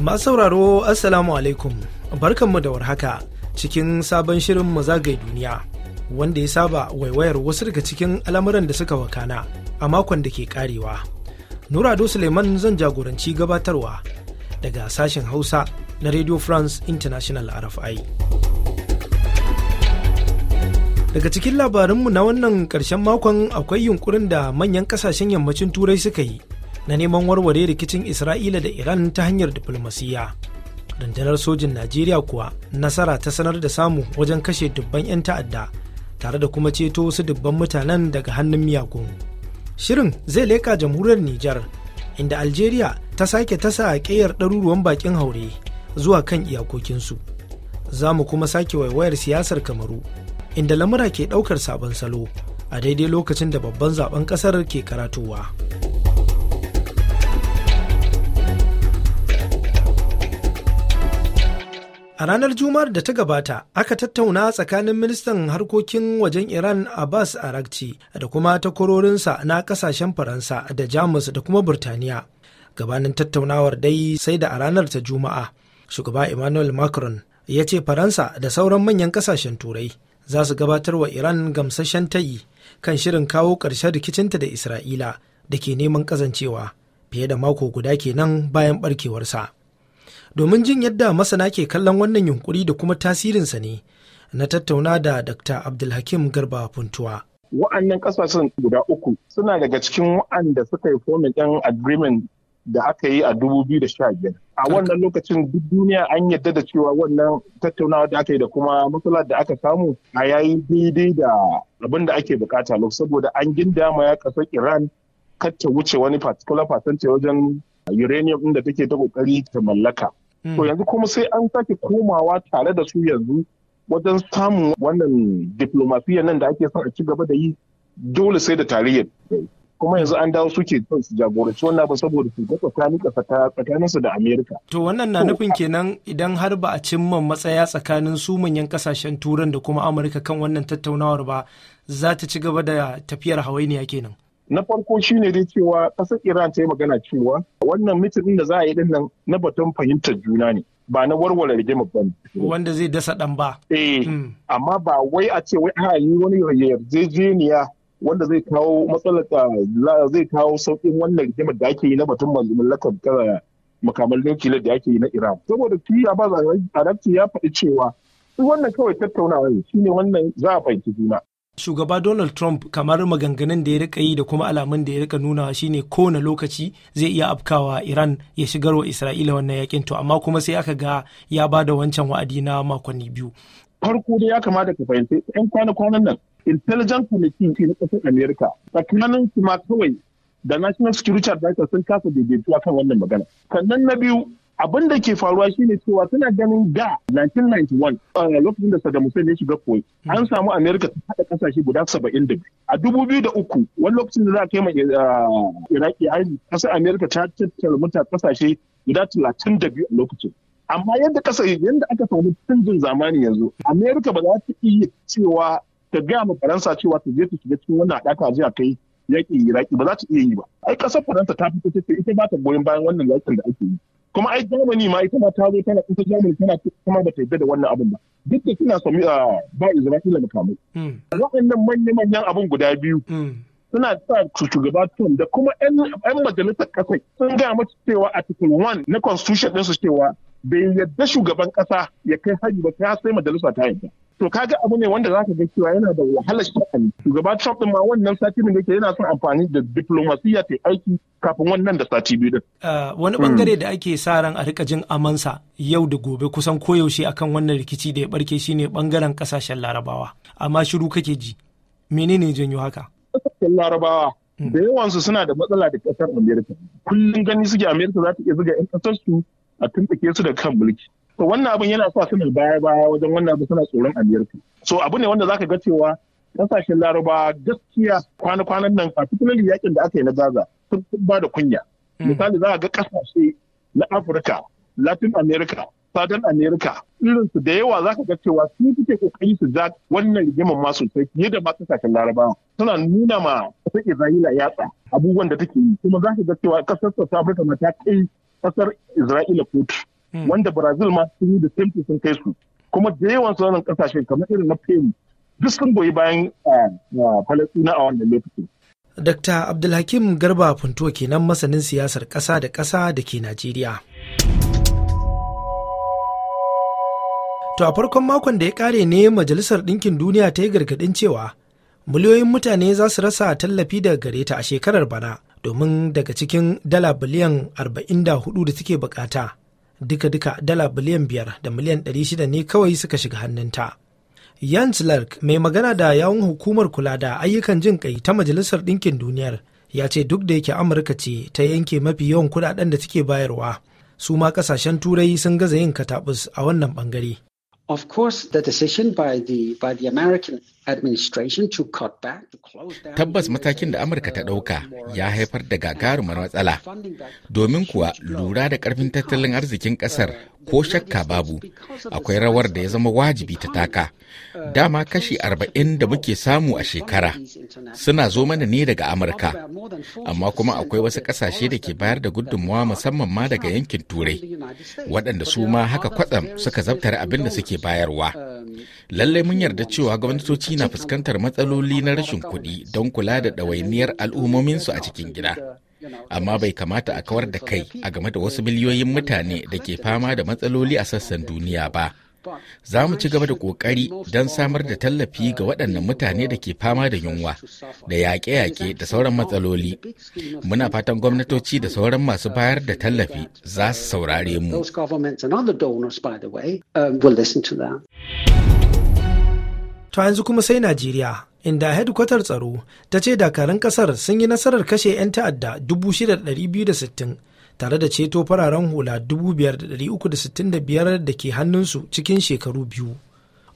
Masu sauraro Assalamu alaikum barkanmu da warhaka cikin sabon shirin mazagai duniya wanda ya saba waiwayar wasu daga cikin al'amuran da suka wakana a makon da ke karewa. Nurado Suleiman zan jagoranci gabatarwa daga sashen Hausa na Radio France International RFI. Daga cikin labarinmu na wannan ƙarshen makon akwai yunkurin da manyan ƙasashen yammacin Turai suka yi na neman warware rikicin Isra'ila da Iran ta hanyar diflomasiyya. Rundunar sojin Najeriya kuwa nasara ta sanar da samu wajen kashe dubban 'yan ta'adda tare da kuma ceto wasu dubban mutanen daga hannun miyagun. Shirin zai leka jamhuriyar Nijar inda Algeria ta sake tasa ƙeyar ɗaruruwan bakin haure zuwa kan iyakokinsu. Za mu kuma sake waiwayar siyasar Kamaru inda lamura ke ɗaukar sabon salo a daidai lokacin da babban zaben ƙasar ke karatowa. A ranar Juma'ar da ta gabata, aka tattauna tsakanin ministan harkokin wajen Iran Abbas Arakci da kuma takwarorinsa na kasashen Faransa da Jamus da kuma Burtaniya. Gabanin tattaunawar dai sai da a ranar ta Juma'a, shugaba Emmanuel Macron ya ce Faransa da sauran manyan kasashen Turai za su gabatar wa Iran gamsashen tayi kan shirin kawo ƙarshen rikicinta da Isra'ila da ke neman kazancewa fiye da mako guda kenan bayan ɓarkewarsa. domin jin yadda masana ke kallon wannan yunkuri da kuma tasirinsa ne na tattauna da dr abdulhakim garba funtuwa wa'annan kasashen guda uku suna daga cikin wa'anda suka yi fomin a agreement da aka yi a 2015 a wannan lokacin duk duniya an yadda da cewa wannan tattaunawa da aka yi da kuma matsala da aka samu a yayi daidai da abin da ake bukata lokacin saboda an ginda ma ya kasar iran kar ta wuce wani particular percentage wajen uranium inda take ta kokari ta mallaka Hmm. To yanzu kuma sai an sake komawa tare da su yanzu wajen samun wannan diplomasiyyar nan da ake son a ci gaba da yi dole sai da tarihin. kuma yanzu an dawo suke son su jagoranci wannan ba saboda su gaba tsakanin tsakaninsu da Amerika. To wannan na nufin kenan idan har ba a cimma matsaya tsakanin su manyan kasashen Turan da kuma Amurka kan wannan tattaunawar ba za ta ci gaba da tafiyar hawainiya kenan. na farko shine dai cewa kasar iran ta yi magana cewa wannan mitin da za a yi din nan na batun fahimtar juna ne ba na warware rigimar ba wanda zai dasa dan ba eh hmm. amma ba wai a ce wai a yi wani yarjejeniya wanda zai kawo matsalar ah, zai kawo sauƙin wannan rigimar da ake yi na batun mallakar ah, makaman nukiliyar da ake yi na iran saboda ya ba zarafci ya faɗi cewa wannan kawai tattaunawa ne shine wannan za a fahimci juna shugaba Donald Trump kamar maganganun da ya rika yi da kuma alamun da ya rika nuna shine kowane lokaci zai iya afkawa Iran ya shigar wa Isra'ila wannan yakin to amma kuma sai aka ga ya ba da wancan wa'adi na makonni biyu. Farko da ya kamata ka fahimci 'yan kwana-kwanan nan intelligence committee na ƙasar America tsakanin su kawai da National Security Advisor sun kasa daidaituwa kan wannan magana. Sannan na biyu abin da ke faruwa shine cewa suna ganin ga 1991 uh, lokacin da Saddam Hussein ya shiga koyi hmm. an samu America ta haɗa kasashe guda 70 a 2003 wani lokacin da za a kai ma uh, Iraki hari kasa America ta tattara mutane kasashe guda 32 a lokacin amma yadda kasa yadda aka samu canjin zamani yanzu America ba za ta iya cewa ta gaya ma Faransa cewa ta je ta shiga cikin wannan haɗaka je a kai yaƙi Iraki ba za ta iya yi ba ai kasar Faransa ta fito ta ce ita ba ta goyon bayan wannan yaƙin da ake yi kuma ai Germany ma ita ma ta zo tana ita Germany tana kuma ba ta yadda da wannan abin ba duk da kina sami ah, ba Isra'ila makamai hmm. waɗannan manyan manyan abin guda biyu hmm. suna sa shugaba Trump da kuma 'yan majalisar kasai sun gaya mace cewa article 1 na constitution ɗinsu cewa bai yadda shugaban kasa ya kai hari ba ta sai majalisa ta yadda to kaga abu ne wanda zaka ga cewa yana da wahalar sha'ani shugaba Trump din ma wannan sati da yake yana son amfani da diplomasiya ta aiki kafin wannan da sati biyu din uh, wani bangare hmm. da ake sa ran a rika jin amansa yau da gobe kusan koyaushe akan wannan rikici da ya barke shine bangaren kasashen Larabawa amma shiru kake ji menene janyo haka kasashen Larabawa hmm. da yawansu suna da matsala da kasar Amerika kullum gani suke Amerika za ta iya zuga 'yan kasar su a tuntuke su da kan mulki to wannan abin yana sa suna baya baya wajen wannan abin suna tsoron amerika so abu ne wanda zaka ga cewa kasashen laraba gaskiya kwana-kwanan nan particularly yakin da aka yi na gaza sun ba da kunya hmm. misali za a ga kasashe na afirka latin america southern america irin su da yawa zaka ga cewa su suke kokari su ja wannan rigimar ma sosai fiye da ma kasashen laraba suna nuna ma kasar isra'ila yatsa abubuwan da take yi kuma zaka ga cewa kasar south africa ma ta kai kasar isra'ila kotu Hmm. wanda Brazil ma sun yi da same sun kai su kuma da yawan sauran kasashe kamar irin na Peru duk sun goyi bayan Palestina eh, eh, a wannan lokacin. Dr. Abdulhakim Garba Funto kenan masanin siyasar ƙasa da ƙasa da ke Najeriya. To a farkon makon da ya kare ne Majalisar Ɗinkin Duniya ta yi gargaɗin cewa miliyoyin mutane za su rasa tallafi daga gare ta a shekarar bana domin daga cikin dala biliyan 44 da suke bukata duka-duka dala biliyan biyar da miliyan ɗari shida ne kawai suka shiga hannunta. Jan Lark mai magana da yawun hukumar kula da ayyukan jin kai ta Majalisar Ɗinkin Duniyar ya ce duk da yake Amurka ce ta yanke mafi yawan kuɗaɗen da take bayarwa, su ma ƙasashen Turai sun gaza yin katabus a wannan ɓangare. Of course, the decision by the, by the American Tabbas matakin da Amurka ta ɗauka ya haifar da gagarumar matsala, domin kuwa lura da ƙarfin tattalin arzikin uh, ƙasar ko shakka babu akwai rawar da ya zama wajibi ta taka. Uh, Dama kashi arba'in da muke samu a shekara suna zo mana ne daga Amurka, amma kuma akwai wasu ƙasashe da ke bayar da gudunmawa musamman ma daga yankin Turai, waɗanda su ma haka kwatsam suka zabtar abin da suke bayarwa. Uh, Lallai mun yarda cewa gwamnatoci na fuskantar matsaloli na rashin kuɗi don kula da ɗawainiyar al'ummominsu a cikin gida. Amma bai kamata a kawar da kai a game da wasu miliyoyin mutane da ke fama da matsaloli a sassan duniya ba. Za mu ci gaba da ƙoƙari don samar da tallafi ga waɗannan mutane da ke fama da yunwa, da yaƙe-yaƙe da sauran matsaloli. Muna fatan gwamnatoci da sauran masu bayar da tallafi za su saurare mu. Um, to yanzu kuma sai Najeriya, inda hedkwatar tsaro ta ce dakarun kasar sun yi nasarar kashe 'yan ta'adda 6,260 tare da ceto fararen hula 5,365 da ke hannunsu cikin shekaru biyu.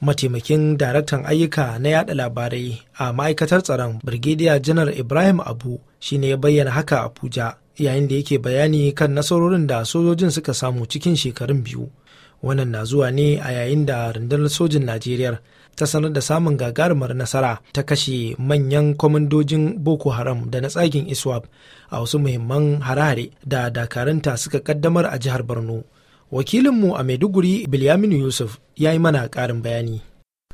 Mataimakin daraktan ayyuka na yada labarai a ma'aikatar tsaron Brigadier Janar Ibrahim Abu shi ne ya bayyana haka a Abuja yayin da yake bayani kan nasarorin da sojojin suka samu cikin shekarun biyu. Wannan na zuwa ne a yayin da rundunar sojin Najeriya ta sanar da samun gagarumar nasara ta kashe manyan kwamandojin boko haram da na tsagin iswap a wasu muhimman harare da dakaranta suka kaddamar a jihar borno wakilinmu a maiduguri bilyaminu yusuf ya yi mana karin bayani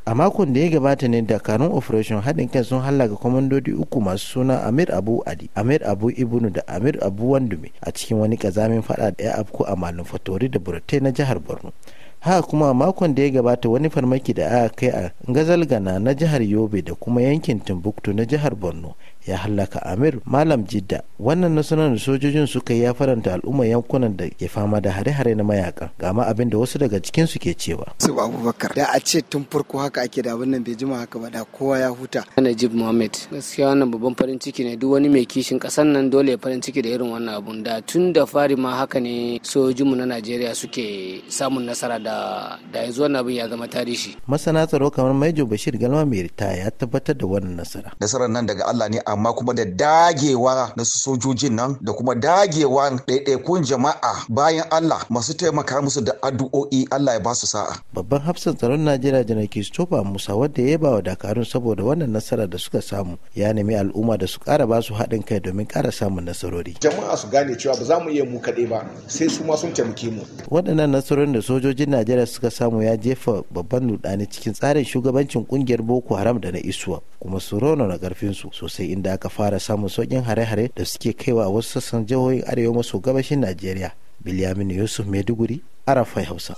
a makon da ya gabata ne dakarun operation haɗin kai sun hallaka kwamandodi uku masu suna amir abu adi amir abu ibnu da amir abu wandume a cikin wani ƙazamin faɗa da ya afku a malin fatori da burtai na jihar borno haka kuma makon da ya gabata wani farmaki da aka kai a gazalgana na jihar yobe da kuma yankin timbuktu na jihar borno ya hallaka amir malam jidda wannan nasarar da sojojin suka ya faranta al'umma yankunan da ke fama da hare-hare na mayaka ga ma abin da wasu daga cikin su ke cewa su abubakar da a ce tun farko haka ake da wannan bai jima haka ba da kowa ya huta najib muhammad gaskiya wannan babban farin ciki ne duk wani mai kishin kasan nan dole ya farin ciki da irin wannan abun da tun da fari ma haka ne sojojinmu na najeriya suke samun nasara da da yanzu wannan abin ya zama tarihi masana tsaro kamar maijo bashir galma mai ritaya ya tabbatar da wannan nasara nasarar nan daga allah ne amma kuma da dagewa na su sojojin nan da kuma dagewa ɗaiɗaikun jama'a bayan Allah masu taimaka musu da addu'o'i Allah ya ba su sa'a. Babban hafsan tsaron Najeriya Janar Christopher Musa wadda ya ba wa Dakarun saboda wannan nasara da suka samu ya nemi al'umma da su ƙara ba su haɗin kai domin ƙara samun nasarori. Jama'a su gane cewa ba za mu iya mu kaɗai ba sai su ma sun taimake mu. Waɗannan nasarorin da sojojin Najeriya suka samu ya jefa babban nuɗani cikin tsarin shugabancin ƙungiyar Boko Haram da na Isuwa kuma su na ƙarfinsu sosai da aka fara samun sauƙin hare-hare da suke kaiwa a wasu sassan jihohin arewa maso gabashin najeriya bilyamin yusuf maiduguri arafai hausa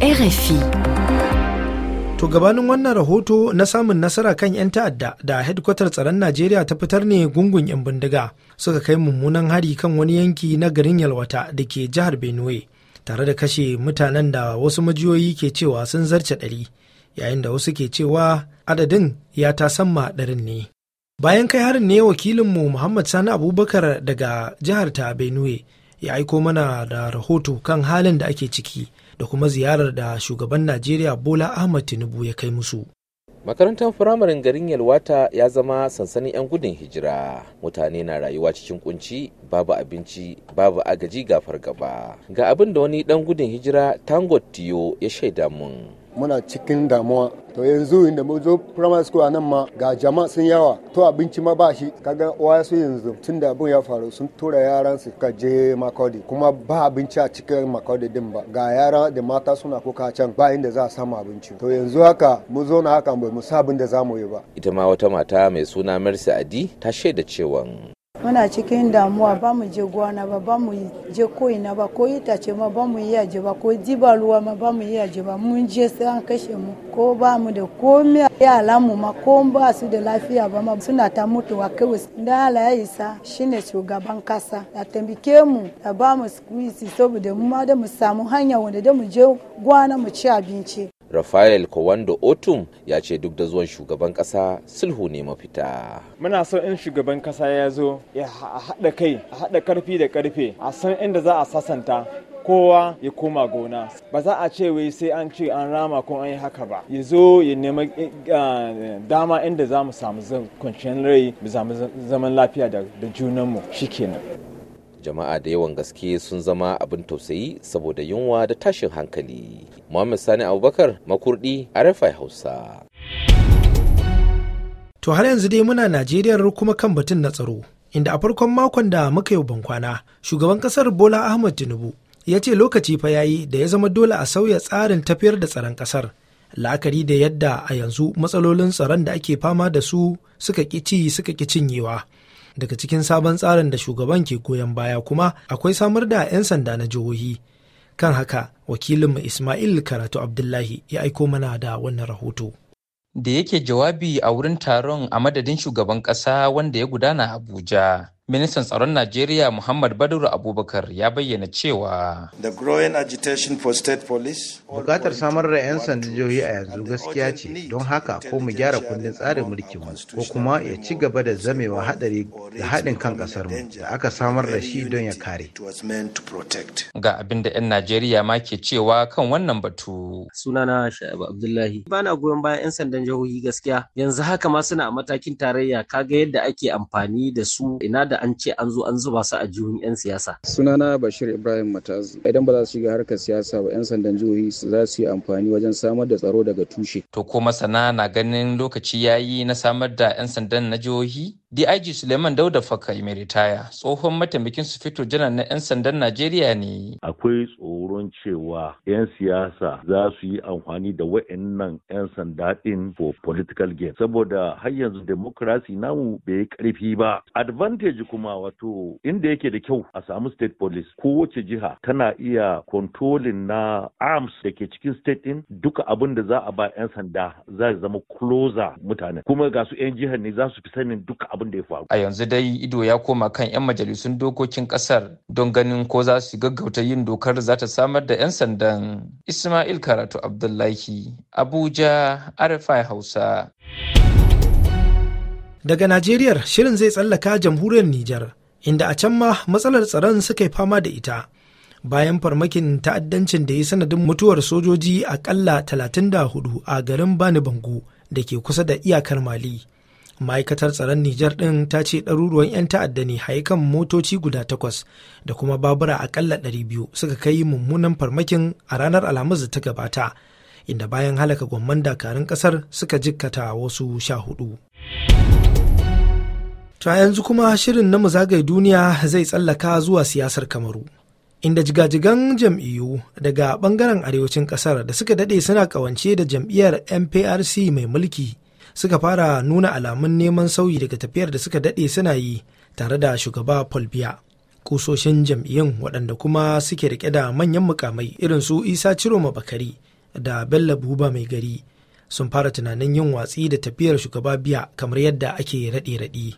rfi To gabanin wannan rahoto na samun nasara kan 'yan ta'adda da hedkwatar tsaron Najeriya ta fitar ne gungun 'yan bindiga suka kai mummunan hari kan wani yanki na garin Yalwata da ke jihar Benue tare da kashe mutanen da wasu majiyoyi ke cewa sun zarce ɗari yayin da wasu ke cewa adadin ya ta samma ɗarin ne. bayan kai harin ne wakilinmu muhammad sani abubakar daga jihar ta benue ya aiko mana da rahoto kan halin da ake ciki da kuma ziyarar da shugaban najeriya bola ahmad tinubu ya kai musu makarantar firamarin garin yalwata ya zama sansanin 'yan gudun hijira mutane na rayuwa cikin kunci babu abinci babu agaji gafar gaba ga abin da wani dan gudun hijira tango tiyo ya shaida mun muna cikin damuwa to yanzu inda mun zo primary school a nan ma ga jama'a sun yawa to abinci ma ba shi kaga waya su yanzu tun da abin ya faru sun tura yaran su ka je makodi kuma ba abinci a cikin makodi din ba ga yara da mata suna kuka can ba inda za a samu abinci to yanzu haka mu zo na haka bai mu sabin da za mu yi ba ita ma wata mata mai suna Mercy Adi ta shaida cewa muna cikin damuwa ba mu je gwana ba ba mu je ko'ina ba ko itace ma ba mu yi aje ba ko diba ruwa ma ba mu yi aje ba mun je sai an kashe mu ko ba mu da komi mu ma ko ba su da lafiya ba ma suna ta mutuwa kawai da hala ya isa shine shugaban kasa da tambike mu da ba mu saboda mu ma da mu samu hanya wanda da mu je gwana mu ci abinci rafael kowando otum ya ce duk da zuwan shugaban kasa sulhu ne mafita muna so in shugaban kasa ya zo ya haɗa kai a haɗa karfi da karfe a san inda za a sasanta kowa ya koma gona ba za a ce wai sai an ce an rama ko an yi haka ba ya zo ya nema eh, dama inda za mu samu kwanciyar rai mu zaman lafiya da junanmu shikenan jama'a da yawan gaske sun zama abin tausayi saboda yunwa da tashin hankali muhammad sani abubakar makurdi a rafai hausa to har yanzu dai muna najeriyar kuma kan batun na tsaro inda a farkon makon da muka yi bankwana shugaban kasar bola ahmad tinubu ya ce lokaci fa yayi da ya zama dole a sauya tsarin tafiyar da tsaron kasar la'akari da yadda a yanzu matsalolin tsaron da ake fama da su suka ƙi ci suka ƙi cinyewa daga cikin sabon tsarin da shugaban ke goyon baya kuma akwai samar da 'yan sanda na jihohi kan haka wakilinmu ismail karatu abdullahi ya aiko mana da wannan rahoto da yake jawabi a wurin taron a madadin shugaban ƙasa wanda ya gudana abuja ministan tsaron najeriya muhammad baduru abubakar ya bayyana cewa bukatar samar da 'yan sandan jihohi a yanzu gaskiya ce don haka ko mu gyara kundin tsarin mulki mu ko kuma ya ci gaba da zamewa hadari da haɗin kan ƙasar mu da aka samar da shi don ya kare ga abin da 'yan najeriya ma ke cewa kan wannan batu sunana sha'abu abdullahi bana goyon bayan 'yan sandan jihohi gaskiya yanzu haka ma suna a matakin tarayya kaga yadda ake amfani da su ina da an ce an zo an zuba su a jihun 'yan siyasa. Sunana Bashir Ibrahim Matazu. Idan ba za su shiga harkar siyasa ba 'yan sandan jihohi za su yi amfani wajen samar da tsaro daga tushe. To ko masana na ganin lokaci ya yi na samar da 'yan sandan na jihohi? DIG Suleiman Dauda faka mai ritaya tsohon mataimakin su janar na 'yan sandan Najeriya ne. Akwai tsoron cewa 'yan siyasa za su yi amfani da wa'annan 'yan sanda ɗin for political gain. Saboda har yanzu demokrasi namu bai karfi ba. Advantage kuma wato inda yake da kyau a samu state police kowace jiha tana iya controlling na arms da ke cikin state ɗin duka abin da za a ba 'yan sanda za zama closer mutane. Kuma ga su 'yan jihar ne za su fi sanin duka abin da ya faru. A yanzu dai ido ya koma kan 'yan majalisun dokokin kasar don ganin ko za su gaggauta yin dokar za ta samar da 'yan sandan. Ismail Karatu Abdullahi, Abuja, Arifai Hausa. Daga Najeriyar shirin zai tsallaka jamhuriyar Nijar, inda a can ma matsalar tsaron suka yi fama da ita. bayan farmakin ta'addancin da ya sanadin mutuwar sojoji akalla 34 a garin bani bangu da ke kusa da iyakar mali ma'aikatar tsaron Nijar ɗin ta ce ɗaruruwan 'yan ta'adda ne haikan motoci guda takwas da kuma babura akalla biyu suka kai mummunan farmakin a ranar alhamis da ta gabata inda bayan halaka gwamman dakarun ƙasar suka jikkata wasu sha hudu. ta yanzu kuma shirin na zagaye duniya zai tsallaka zuwa siyasar kamaru. Inda jigajigan jam'iyyu daga bangaren arewacin ƙasar da suka dade suna ƙawance da jam'iyyar MPRC mai mulki suka fara nuna alamun neman sauyi daga tafiyar da suka daɗe suna yi tare da shugaba Paul Biya. Kusoshin jam'iyyun waɗanda kuma suke rike da manyan mukamai irin su Isa Ciroma Bakari da Bello Buba Mai Gari sun fara tunanin yin watsi da tafiyar shugaba Biya kamar yadda ake raɗe raɗe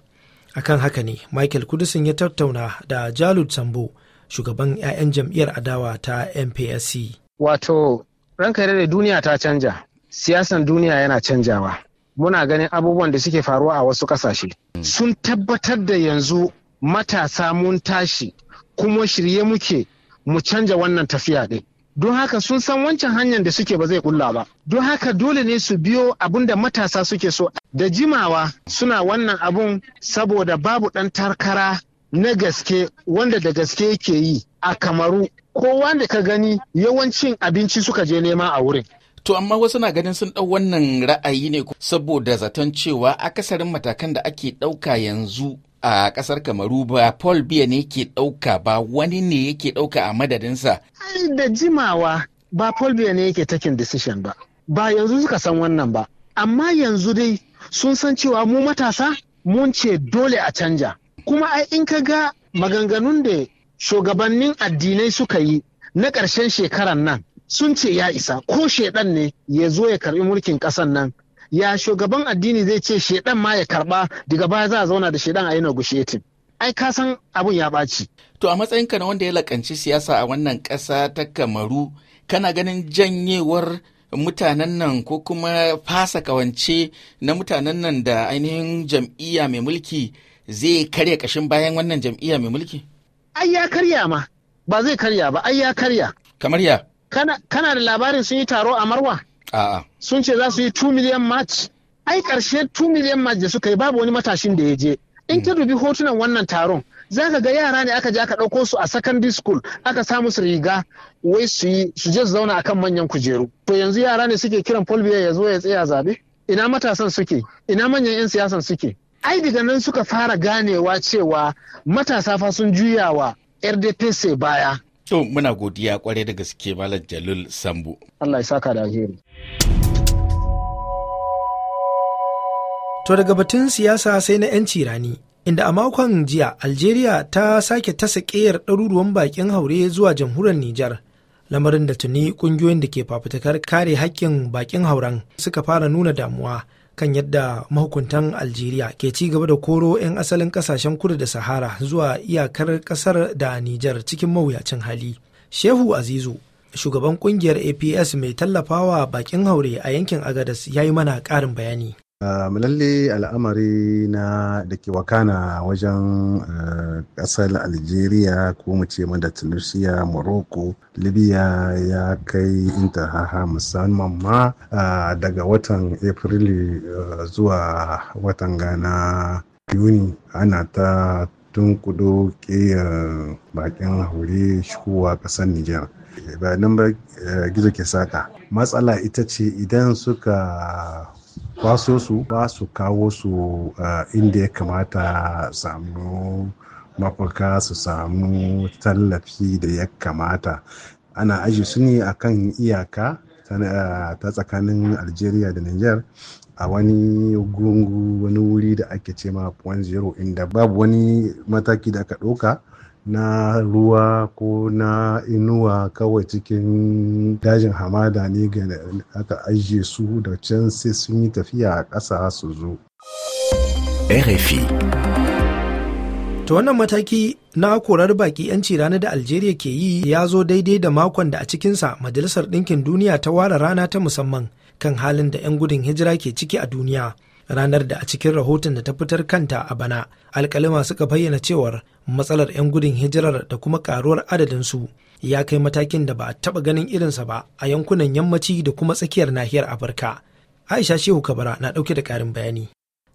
Akan haka ne Michael Kudusin ya tattauna da Jalud Sambo shugaban 'ya'yan jam'iyyar adawa ta MPSC. Wato ranka da duniya ta canja, siyasan duniya yana canjawa. muna ganin abubuwan da suke faruwa a wasu kasashe hmm. sun tabbatar da yanzu matasa mun tashi kuma shirye muke mu canja wannan tafiya ɗin don haka sun san wancan hanyar da suke ba zai kulla ba don haka dole ne su biyo abun da matasa suke so da jimawa suna wannan abun saboda babu ɗan takara na gaske wanda da gaske yake yi a kamaru kowa da ka gani yawancin abinci suka je nema a wurin To amma wasu na ganin sun ɗau wannan ra'ayi ne saboda zaton cewa akasarin matakan da ake ɗauka yanzu a ƙasar Kamaru ba Paul Biya ne ke ɗauka ba wani ne yake ɗauka a madadinsa. Ai da jimawa ba Paul Biya ne yake taking decision ba. Ba yanzu suka san wannan ba. Amma yanzu dai sun san cewa mu matasa mun ce dole a canja. Kuma ai in ka ga maganganun da shugabannin addinai suka yi na ƙarshen shekaran nan sun ce ya isa ko shaidan ne ya zo ya karbi mulkin kasan nan ya shugaban addini zai ce shaidan ma ya karba daga baya za a zauna da shaidan a yi negotiating ai ka san abun ya ɓaci. To a matsayinka na wanda ya lakanci siyasa a wannan ƙasa ta Kamaru kana ganin janyewar mutanen nan ko kuma fasa kawance na mutanen nan da ainihin jam'iyya mai mulki zai karya kashin bayan wannan jam'iyya mai mulki? Ai ya karya ma, ba zai karya ba, ai ya karya. Kamar ya? kana da labarin sun yi taro a marwa sun ce za su yi 2 million match ai karshe 2 million match da suka yi babu wani matashin da ya je in ka hmm. dubi hotunan wannan taron za ka ga yara ne aka je aka ɗauko su a secondary school aka samu su riga wai su yi su je su zauna akan manyan kujeru to yanzu yara ne suke kiran polbiya ya zo ya tsaya zabe ina matasan suke ina manyan 'yan siyasan suke ai daga nan suka fara ganewa cewa matasa fa sun juyawa rdpc baya To muna godiya kwarai da gaske Malam Jalil Sambu. Allah ya saka da alheri. To daga batun siyasa sai na 'yanci rani, inda a makon jiya Algeria ta sake tasa ƙeyar ɗaruruwan bakin haure zuwa jamhuriyar Nijar. Lamarin da tuni ƙungiyoyin da ke fafutukar kare haƙƙin bakin hauren suka fara nuna damuwa kan yadda mahukuntan Algeria ke ci gaba da koro 'yan asalin kasashen kudu da Sahara zuwa iyakar kasar da Nijar cikin mawuyacin hali. Shehu Azizu, shugaban kungiyar APS mai tallafawa bakin haure a yankin Agadas ya yi mana ƙarin bayani. Uh, lalle al'amari na da ke wakana wajen eh, ƙasar algeria ko mu ce da tunisia morocco libya ya kai inta haha musamman ma ah, daga watan afrilu eh, zuwa watan gana yuni ana ta tunkudo ƙiyar bakin haure shigowa ƙasar niger ba nan ba eh, gizo ke saka matsala ita ce idan suka kwaso su ba su kawo su eh, inda ya kamata samu mafaka su samu tallafi da ya kamata ana aji su ne a kan iyaka eh, ta tsakanin algeria da niger a wani gungu wani wuri da ake ce ma zero, inda babu wani mataki da aka ɗauka na ruwa ko na inuwa kawai cikin dajin hamada ne ga aka ajiye su da can sai sun yi tafiya a ƙasa su zo. RFI To wannan mataki na korar baki 'yanci ranar da Algeria ke yi ya zo daidai da makon da a cikinsa Majalisar Ɗinkin Duniya ta ware rana ta musamman kan halin da 'yan gudun hijira ke ciki a duniya. ranar da a cikin rahoton da ta fitar kanta a bana alkalima suka bayyana cewar matsalar 'yan gudun hijirar da kuma karuwar adadin su ya kai matakin da ba a taba ganin irinsa ba a yankunan yammaci da kuma tsakiyar nahiyar afirka aisha shehu kabara na ɗauke da karin bayani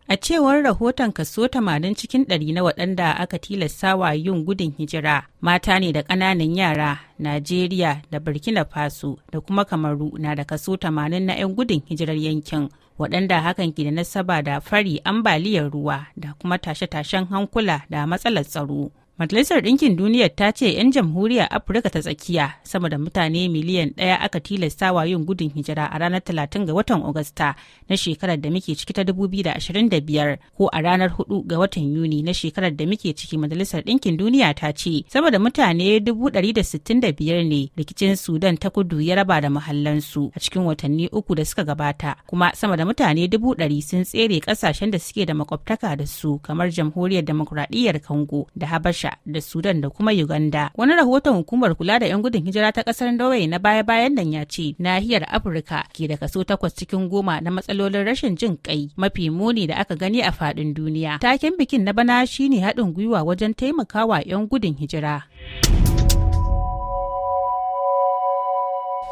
A cewar rahoton kaso 80 cikin ɗari na waɗanda aka tilasta wa yin gudun hijira mata ne da ƙananan yara, Najeriya da Burkina Faso da kuma Kamaru na da kaso 80 na 'yan gudun hijirar yankin waɗanda hakan ke da nasaba da fari ambaliyar ruwa da kuma tashe-tashen hankula da matsalar tsaro Majalisar Ɗinkin Duniya ta ce 'yan jamhuriyar Afirka ta tsakiya sama da mutane miliyan ɗaya aka tilastawa yin gudun hijira a ranar 30 ga watan Agusta na shekarar da muke ciki ta 2025 ko a ranar 4 ga watan Yuni na shekarar da muke ciki Majalisar Ɗinkin Duniya ta ce sama da mutane 165 ne rikicin Sudan ta kudu ya raba da mahallansu a cikin watanni uku da suka gabata kuma sama da mutane 100 sun tsere ƙasashen da suke da makwabtaka da su kamar Jamhuriyar Demokuraɗiyyar Congo da Habasha Rasha da Sudan da kuma Uganda. Wani rahoton hukumar kula da 'yan gudun hijira ta kasar Norway na baya-bayan nan ya ce nahiyar Afirka ke da kaso takwas cikin goma na matsalolin rashin jin kai mafi muni da aka gani a faɗin duniya. Taken bikin na bana shine haɗin gwiwa wajen taimakawa 'yan gudun hijira.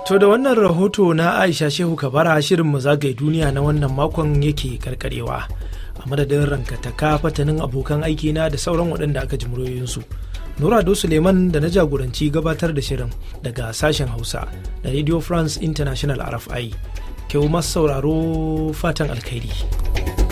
To da wannan rahoto na Aisha Shehu Kabara shirin mu zagaye duniya na wannan makon yake karkarewa. madadin ranka ta tanin abokan aikina da sauran waɗanda aka ji muryoyinsu nura do suleiman da na jagoranci gabatar da shirin daga sashen hausa da radio france international rfi kyau masu sauraro fatan alkhairi.